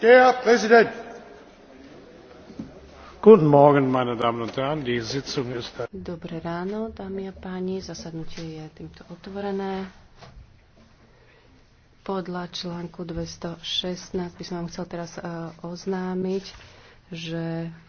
herr präsident! dobré ráno dámy a páni zasadnutie je týmto otvorené. podľa článku 216 by som vám chcel teraz eh, oznámiť že